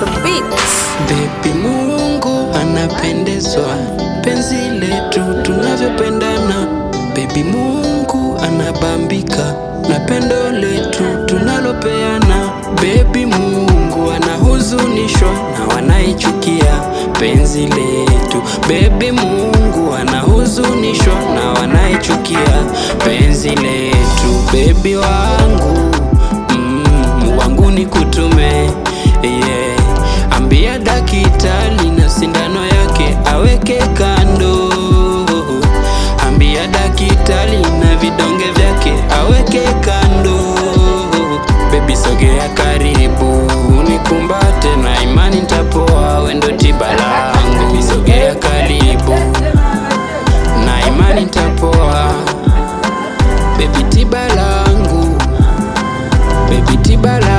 Baby, Mungu anapendezwa penzi letu tunavyopendana. Baby, Mungu anabambika na pendo letu tunalopeana. Baby, Mungu anahuzunishwa na wanaichukia penzi letu. Baby, Mungu anahuzunishwa na wanaichukia penzi letu. Baby wa baby tibala